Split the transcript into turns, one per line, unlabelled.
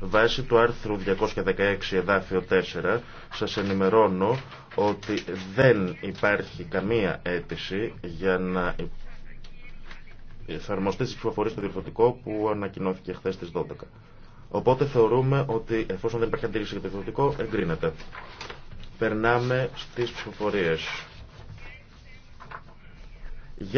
Βάσει του άρθρου 216 εδάφιο 4 σας ενημερώνω ότι δεν υπάρχει καμία αίτηση για να εφαρμοστεί στις ψηφοφορίες στο διορθωτικό που ανακοινώθηκε χθε στις 12. Οπότε θεωρούμε ότι εφόσον δεν υπάρχει αντίρρηση για το διευθυντικό εγκρίνεται. Περνάμε στις ψηφοφορίες.